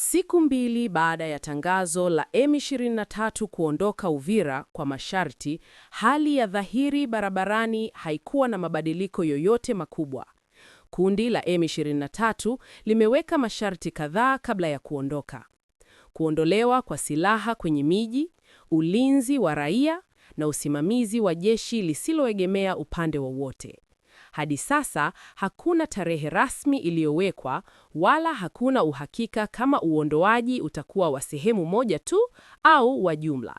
Siku mbili baada ya tangazo la M23 kuondoka Uvira kwa masharti, hali ya dhahiri barabarani haikuwa na mabadiliko yoyote makubwa. Kundi la M23 limeweka masharti kadhaa kabla ya kuondoka: kuondolewa kwa silaha kwenye miji, ulinzi wa raia na usimamizi wa jeshi lisiloegemea upande wowote. Hadi sasa hakuna tarehe rasmi iliyowekwa wala hakuna uhakika kama uondoaji utakuwa wa sehemu moja tu au wa jumla.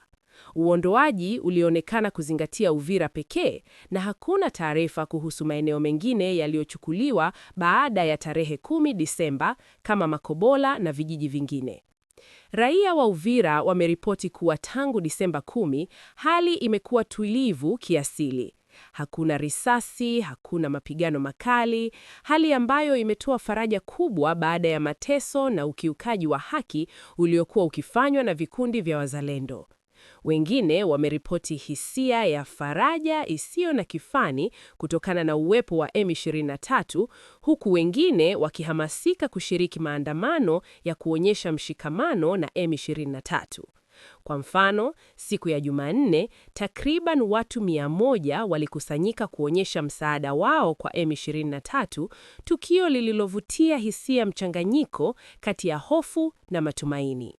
Uondoaji ulionekana kuzingatia Uvira pekee na hakuna taarifa kuhusu maeneo mengine yaliyochukuliwa baada ya tarehe 10 Disemba kama Makobola na vijiji vingine. Raia wa Uvira wameripoti kuwa tangu Disemba 10 hali imekuwa tulivu kiasili. Hakuna risasi, hakuna mapigano makali, hali ambayo imetoa faraja kubwa baada ya mateso na ukiukaji wa haki uliokuwa ukifanywa na vikundi vya wazalendo. Wengine wameripoti hisia ya faraja isiyo na kifani kutokana na uwepo wa M23, huku wengine wakihamasika kushiriki maandamano ya kuonyesha mshikamano na M23. Kwa mfano, siku ya Jumanne, takriban watu 1 walikusanyika kuonyesha msaada wao kwa M23, tukio lililovutia hisia mchanganyiko kati ya hofu na matumaini.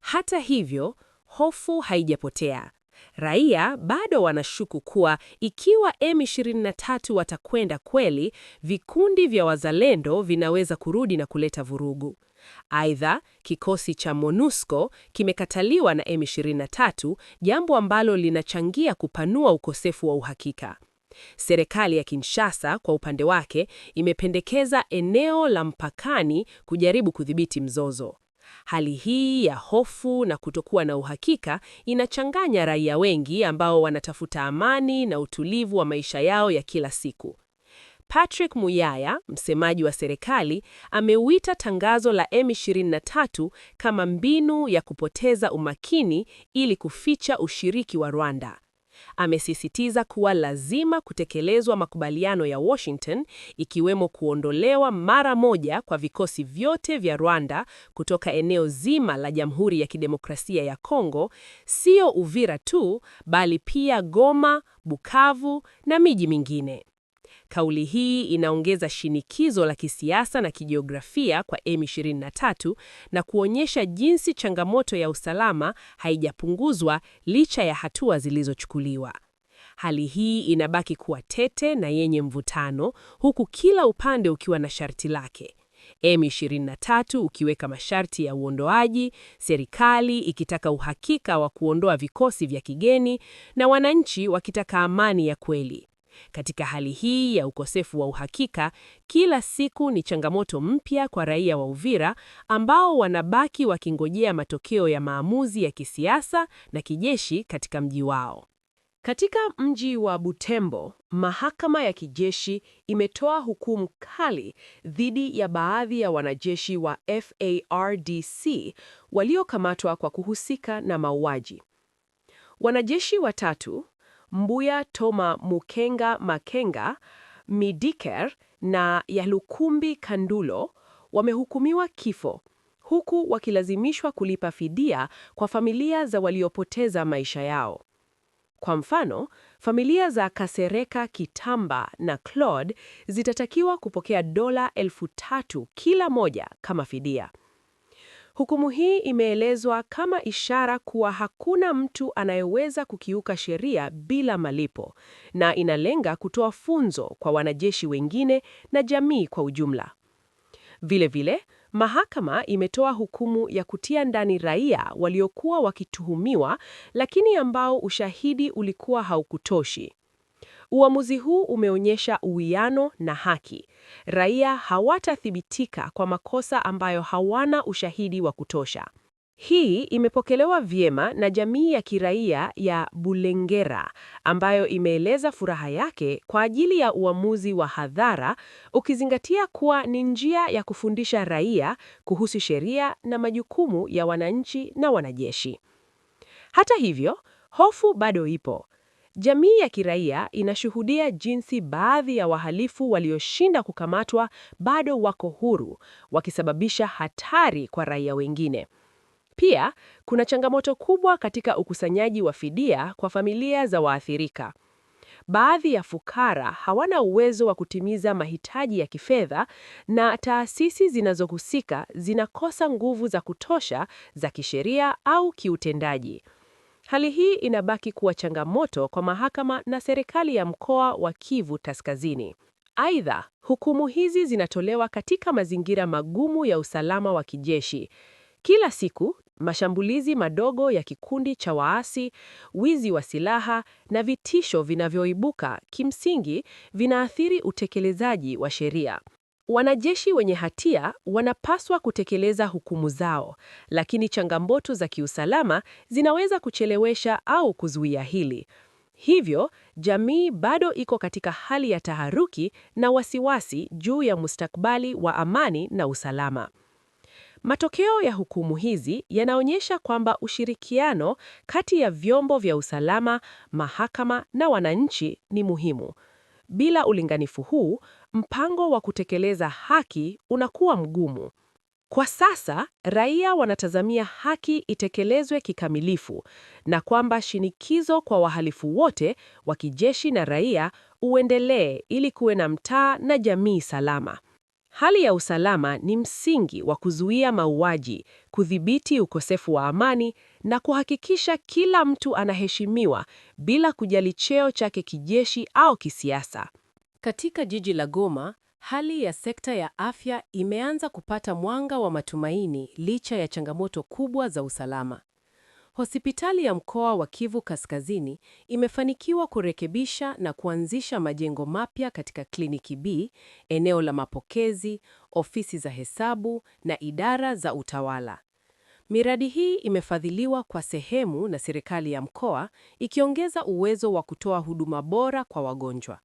Hata hivyo, hofu haijapotea. Raia bado wanashuku kuwa ikiwa M23 watakwenda kweli, vikundi vya wazalendo vinaweza kurudi na kuleta vurugu. Aidha, kikosi cha MONUSCO kimekataliwa na M23, jambo ambalo linachangia kupanua ukosefu wa uhakika. Serikali ya Kinshasa kwa upande wake imependekeza eneo la mpakani kujaribu kudhibiti mzozo. Hali hii ya hofu na kutokuwa na uhakika inachanganya raia wengi ambao wanatafuta amani na utulivu wa maisha yao ya kila siku. Patrick Muyaya, msemaji wa serikali, ameuita tangazo la M23 kama mbinu ya kupoteza umakini ili kuficha ushiriki wa Rwanda. Amesisitiza kuwa lazima kutekelezwa makubaliano ya Washington ikiwemo kuondolewa mara moja kwa vikosi vyote vya Rwanda kutoka eneo zima la Jamhuri ya Kidemokrasia ya Kongo, sio Uvira tu bali pia Goma, Bukavu na miji mingine. Kauli hii inaongeza shinikizo la kisiasa na kijiografia kwa M23 na kuonyesha jinsi changamoto ya usalama haijapunguzwa licha ya hatua zilizochukuliwa. Hali hii inabaki kuwa tete na yenye mvutano, huku kila upande ukiwa na sharti lake. M23 ukiweka masharti ya uondoaji, serikali ikitaka uhakika wa kuondoa vikosi vya kigeni na wananchi wakitaka amani ya kweli. Katika hali hii ya ukosefu wa uhakika, kila siku ni changamoto mpya kwa raia wa Uvira ambao wanabaki wakingojea matokeo ya maamuzi ya kisiasa na kijeshi katika mji wao. Katika mji wa Butembo, mahakama ya kijeshi imetoa hukumu kali dhidi ya baadhi ya wanajeshi wa FARDC waliokamatwa kwa kuhusika na mauaji. Wanajeshi watatu Mbuya Toma Mukenga Makenga, Midiker na Yalukumbi Kandulo wamehukumiwa kifo huku wakilazimishwa kulipa fidia kwa familia za waliopoteza maisha yao. Kwa mfano, familia za Kasereka Kitamba na Claude zitatakiwa kupokea dola elfu tatu kila moja kama fidia. Hukumu hii imeelezwa kama ishara kuwa hakuna mtu anayeweza kukiuka sheria bila malipo na inalenga kutoa funzo kwa wanajeshi wengine na jamii kwa ujumla. Vilevile vile, mahakama imetoa hukumu ya kutia ndani raia waliokuwa wakituhumiwa lakini ambao ushahidi ulikuwa haukutoshi. Uamuzi huu umeonyesha uwiano na haki. Raia hawatathibitika kwa makosa ambayo hawana ushahidi wa kutosha. Hii imepokelewa vyema na jamii ya kiraia ya Bulengera ambayo imeeleza furaha yake kwa ajili ya uamuzi wa hadhara ukizingatia kuwa ni njia ya kufundisha raia kuhusu sheria na majukumu ya wananchi na wanajeshi. Hata hivyo, hofu bado ipo. Jamii ya kiraia inashuhudia jinsi baadhi ya wahalifu walioshinda kukamatwa bado wako huru, wakisababisha hatari kwa raia wengine. Pia, kuna changamoto kubwa katika ukusanyaji wa fidia kwa familia za waathirika. Baadhi ya fukara hawana uwezo wa kutimiza mahitaji ya kifedha na taasisi zinazohusika zinakosa nguvu za kutosha za kisheria au kiutendaji. Hali hii inabaki kuwa changamoto kwa mahakama na serikali ya mkoa wa Kivu Kaskazini. Aidha, hukumu hizi zinatolewa katika mazingira magumu ya usalama wa kijeshi. Kila siku, mashambulizi madogo ya kikundi cha waasi, wizi wa silaha na vitisho vinavyoibuka kimsingi vinaathiri utekelezaji wa sheria. Wanajeshi wenye hatia wanapaswa kutekeleza hukumu zao, lakini changamoto za kiusalama zinaweza kuchelewesha au kuzuia hili. Hivyo, jamii bado iko katika hali ya taharuki na wasiwasi juu ya mustakabali wa amani na usalama. Matokeo ya hukumu hizi yanaonyesha kwamba ushirikiano kati ya vyombo vya usalama, mahakama na wananchi ni muhimu. Bila ulinganifu huu, mpango wa kutekeleza haki unakuwa mgumu. Kwa sasa raia wanatazamia haki itekelezwe kikamilifu na kwamba shinikizo kwa wahalifu wote wa kijeshi na raia uendelee ili kuwe na mtaa na jamii salama. Hali ya usalama ni msingi wa kuzuia mauaji, kudhibiti ukosefu wa amani na kuhakikisha kila mtu anaheshimiwa bila kujali cheo chake kijeshi au kisiasa. Katika jiji la Goma, hali ya sekta ya afya imeanza kupata mwanga wa matumaini licha ya changamoto kubwa za usalama. Hospitali ya mkoa wa Kivu Kaskazini imefanikiwa kurekebisha na kuanzisha majengo mapya katika kliniki B, eneo la mapokezi, ofisi za hesabu na idara za utawala. Miradi hii imefadhiliwa kwa sehemu na serikali ya mkoa ikiongeza uwezo wa kutoa huduma bora kwa wagonjwa.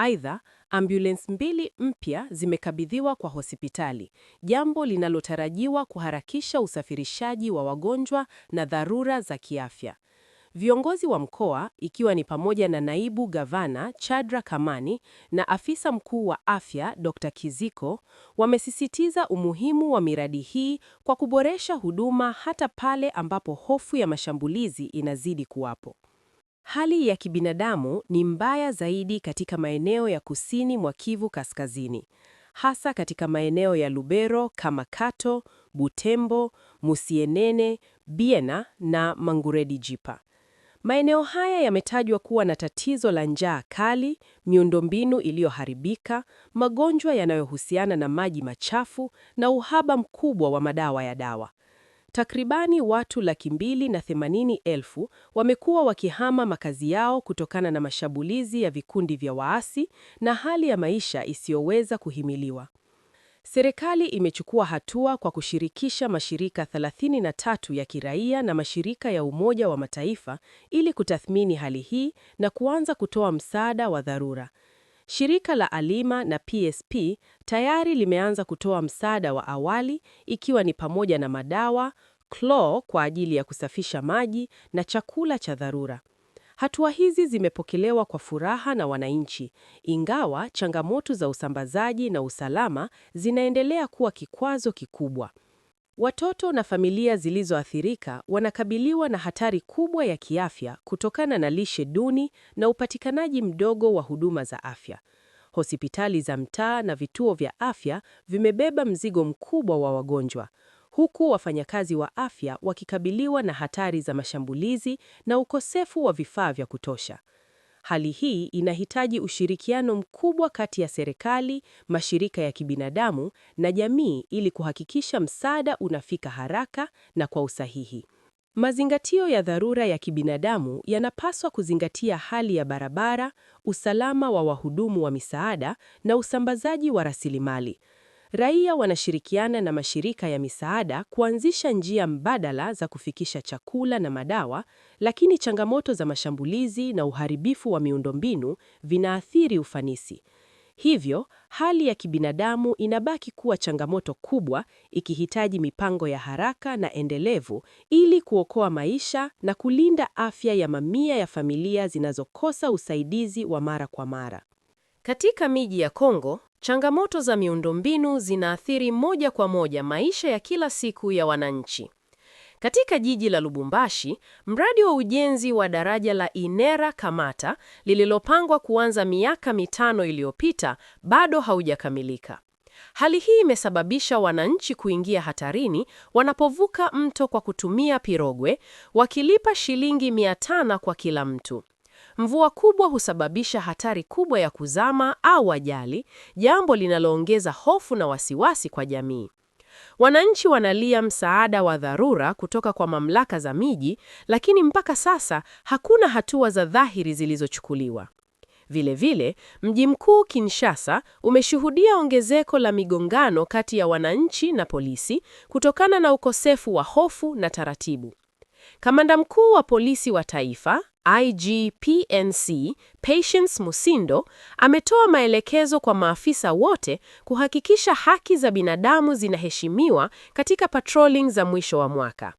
Aidha, ambulance mbili mpya zimekabidhiwa kwa hospitali, jambo linalotarajiwa kuharakisha usafirishaji wa wagonjwa na dharura za kiafya. Viongozi wa mkoa ikiwa ni pamoja na naibu gavana Chadra Kamani na afisa mkuu wa afya Dr. Kiziko wamesisitiza umuhimu wa miradi hii kwa kuboresha huduma hata pale ambapo hofu ya mashambulizi inazidi kuwapo. Hali ya kibinadamu ni mbaya zaidi katika maeneo ya kusini mwa Kivu Kaskazini, hasa katika maeneo ya Lubero kama Kato, Butembo, Musienene, Biena na Manguredi Jipa. Maeneo haya yametajwa kuwa na tatizo la njaa kali, miundombinu iliyoharibika, magonjwa yanayohusiana na maji machafu na uhaba mkubwa wa madawa ya dawa. Takribani watu laki mbili na themanini elfu wamekuwa wakihama makazi yao kutokana na mashambulizi ya vikundi vya waasi na hali ya maisha isiyoweza kuhimiliwa. Serikali imechukua hatua kwa kushirikisha mashirika 33 ya kiraia na mashirika ya Umoja wa Mataifa ili kutathmini hali hii na kuanza kutoa msaada wa dharura. Shirika la Alima na PSP tayari limeanza kutoa msaada wa awali ikiwa ni pamoja na madawa, Chlor kwa ajili ya kusafisha maji na chakula cha dharura. Hatua hizi zimepokelewa kwa furaha na wananchi, ingawa changamoto za usambazaji na usalama zinaendelea kuwa kikwazo kikubwa. Watoto na familia zilizoathirika wanakabiliwa na hatari kubwa ya kiafya kutokana na lishe duni na upatikanaji mdogo wa huduma za afya. Hospitali za mtaa na vituo vya afya vimebeba mzigo mkubwa wa wagonjwa, huku wafanyakazi wa afya wakikabiliwa na hatari za mashambulizi na ukosefu wa vifaa vya kutosha. Hali hii inahitaji ushirikiano mkubwa kati ya serikali, mashirika ya kibinadamu na jamii ili kuhakikisha msaada unafika haraka na kwa usahihi. Mazingatio ya dharura ya kibinadamu yanapaswa kuzingatia hali ya barabara, usalama wa wahudumu wa misaada na usambazaji wa rasilimali raia wanashirikiana na mashirika ya misaada kuanzisha njia mbadala za kufikisha chakula na madawa, lakini changamoto za mashambulizi na uharibifu wa miundombinu vinaathiri ufanisi. Hivyo, hali ya kibinadamu inabaki kuwa changamoto kubwa ikihitaji mipango ya haraka na endelevu ili kuokoa maisha na kulinda afya ya mamia ya familia zinazokosa usaidizi wa mara kwa mara. Katika miji ya Kongo, Changamoto za miundombinu zinaathiri moja kwa moja maisha ya kila siku ya wananchi. Katika jiji la Lubumbashi, mradi wa ujenzi wa daraja la Inera Kamata lililopangwa kuanza miaka mitano iliyopita bado haujakamilika. Hali hii imesababisha wananchi kuingia hatarini wanapovuka mto kwa kutumia pirogwe, wakilipa shilingi 500 kwa kila mtu. Mvua kubwa husababisha hatari kubwa ya kuzama au ajali, jambo linaloongeza hofu na wasiwasi kwa jamii. Wananchi wanalia msaada wa dharura kutoka kwa mamlaka za miji, lakini mpaka sasa hakuna hatua za dhahiri zilizochukuliwa. Vilevile, mji mkuu Kinshasa umeshuhudia ongezeko la migongano kati ya wananchi na polisi kutokana na ukosefu wa hofu na taratibu. Kamanda mkuu wa polisi wa taifa IGPNC Patience Musindo ametoa maelekezo kwa maafisa wote kuhakikisha haki za binadamu zinaheshimiwa katika patrolling za mwisho wa mwaka.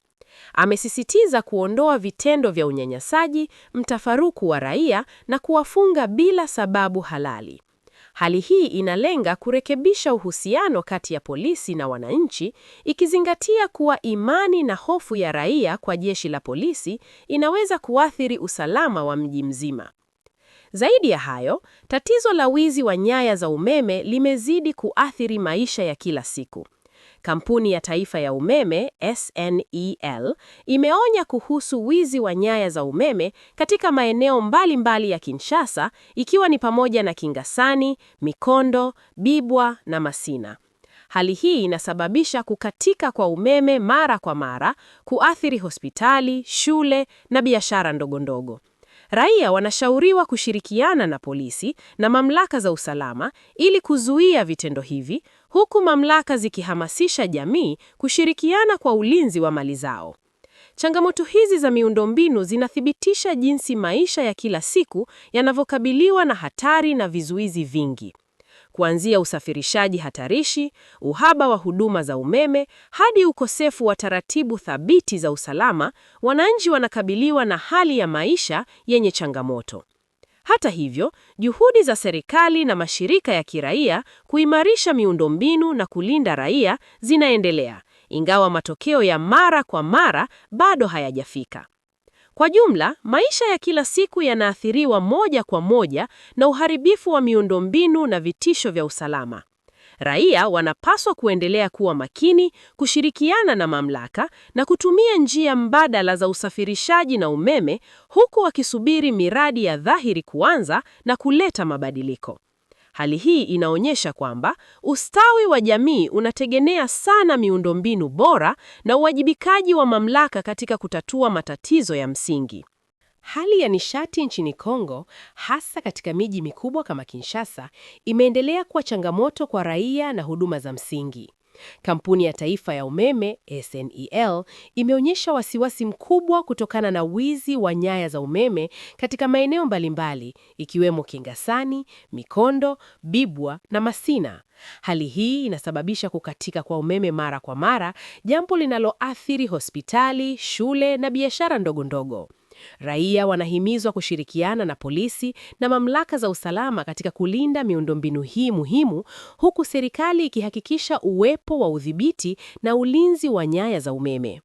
Amesisitiza kuondoa vitendo vya unyanyasaji, mtafaruku wa raia na kuwafunga bila sababu halali. Hali hii inalenga kurekebisha uhusiano kati ya polisi na wananchi, ikizingatia kuwa imani na hofu ya raia kwa jeshi la polisi inaweza kuathiri usalama wa mji mzima. Zaidi ya hayo, tatizo la wizi wa nyaya za umeme limezidi kuathiri maisha ya kila siku. Kampuni ya Taifa ya Umeme SNEL imeonya kuhusu wizi wa nyaya za umeme katika maeneo mbalimbali mbali ya Kinshasa ikiwa ni pamoja na Kingasani, Mikondo, Bibwa na Masina. Hali hii inasababisha kukatika kwa umeme mara kwa mara, kuathiri hospitali, shule na biashara ndogondogo. Raia wanashauriwa kushirikiana na polisi na mamlaka za usalama ili kuzuia vitendo hivi, huku mamlaka zikihamasisha jamii kushirikiana kwa ulinzi wa mali zao. Changamoto hizi za miundombinu zinathibitisha jinsi maisha ya kila siku yanavyokabiliwa na hatari na vizuizi vingi kuanzia usafirishaji hatarishi, uhaba wa huduma za umeme hadi ukosefu wa taratibu thabiti za usalama, wananchi wanakabiliwa na hali ya maisha yenye changamoto. Hata hivyo, juhudi za serikali na mashirika ya kiraia kuimarisha miundombinu na kulinda raia zinaendelea, ingawa matokeo ya mara kwa mara bado hayajafika. Kwa jumla, maisha ya kila siku yanaathiriwa moja kwa moja na uharibifu wa miundombinu na vitisho vya usalama. Raia wanapaswa kuendelea kuwa makini, kushirikiana na mamlaka na kutumia njia mbadala za usafirishaji na umeme, huku wakisubiri miradi ya dhahiri kuanza na kuleta mabadiliko. Hali hii inaonyesha kwamba ustawi wa jamii unategemea sana miundombinu bora na uwajibikaji wa mamlaka katika kutatua matatizo ya msingi. Hali ya nishati nchini Kongo, hasa katika miji mikubwa kama Kinshasa, imeendelea kuwa changamoto kwa raia na huduma za msingi. Kampuni ya Taifa ya Umeme SNEL imeonyesha wasiwasi mkubwa kutokana na wizi wa nyaya za umeme katika maeneo mbalimbali ikiwemo Kingasani, Mikondo, Bibwa na Masina. Hali hii inasababisha kukatika kwa umeme mara kwa mara, jambo linaloathiri hospitali, shule na biashara ndogo ndogo. Raia wanahimizwa kushirikiana na polisi na mamlaka za usalama katika kulinda miundombinu hii muhimu, huku serikali ikihakikisha uwepo wa udhibiti na ulinzi wa nyaya za umeme.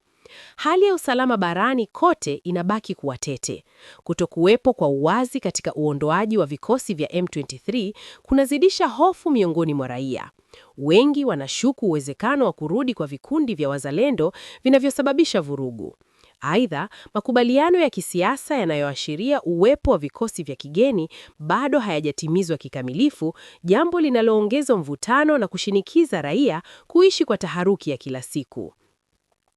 Hali ya usalama barani kote inabaki kuwa tete. Kutokuwepo kwa uwazi katika uondoaji wa vikosi vya M23 kunazidisha hofu miongoni mwa raia. Wengi wanashuku uwezekano wa kurudi kwa vikundi vya wazalendo vinavyosababisha vurugu. Aidha, makubaliano ya kisiasa yanayoashiria uwepo wa vikosi vya kigeni bado hayajatimizwa kikamilifu, jambo linaloongeza mvutano na kushinikiza raia kuishi kwa taharuki ya kila siku.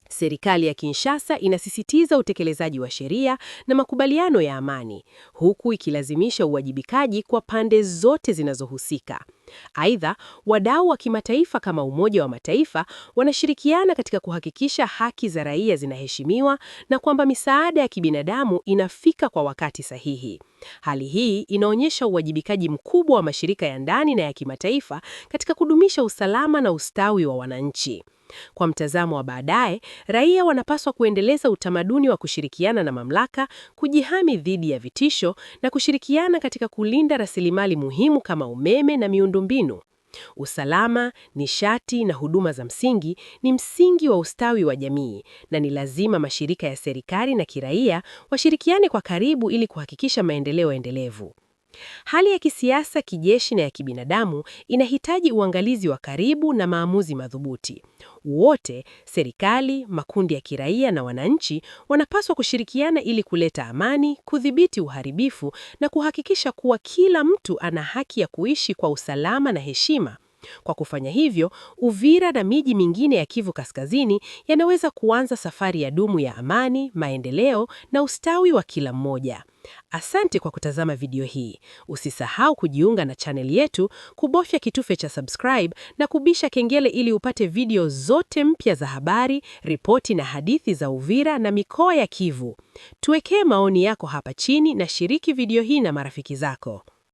Serikali ya Kinshasa inasisitiza utekelezaji wa sheria na makubaliano ya amani, huku ikilazimisha uwajibikaji kwa pande zote zinazohusika. Aidha, wadau wa kimataifa kama Umoja wa Mataifa wanashirikiana katika kuhakikisha haki za raia zinaheshimiwa na kwamba misaada ya kibinadamu inafika kwa wakati sahihi. Hali hii inaonyesha uwajibikaji mkubwa wa mashirika ya ndani na ya kimataifa katika kudumisha usalama na ustawi wa wananchi. Kwa mtazamo wa baadaye, raia wanapaswa kuendeleza utamaduni wa kushirikiana na mamlaka, kujihami dhidi ya vitisho na kushirikiana katika kulinda rasilimali muhimu kama umeme na miundombinu. Usalama, nishati na huduma za msingi ni msingi wa ustawi wa jamii na ni lazima mashirika ya serikali na kiraia washirikiane kwa karibu ili kuhakikisha maendeleo endelevu. Hali ya kisiasa, kijeshi na ya kibinadamu inahitaji uangalizi wa karibu na maamuzi madhubuti. Wote, serikali, makundi ya kiraia na wananchi, wanapaswa kushirikiana ili kuleta amani, kudhibiti uharibifu na kuhakikisha kuwa kila mtu ana haki ya kuishi kwa usalama na heshima. Kwa kufanya hivyo, Uvira na miji mingine ya Kivu Kaskazini yanaweza kuanza safari ya dumu ya amani, maendeleo na ustawi wa kila mmoja. Asante kwa kutazama video hii. Usisahau kujiunga na chaneli yetu, kubofya kitufe cha subscribe na kubisha kengele ili upate video zote mpya za habari, ripoti na hadithi za Uvira na mikoa ya Kivu. Tuwekee maoni yako hapa chini na shiriki video hii na marafiki zako.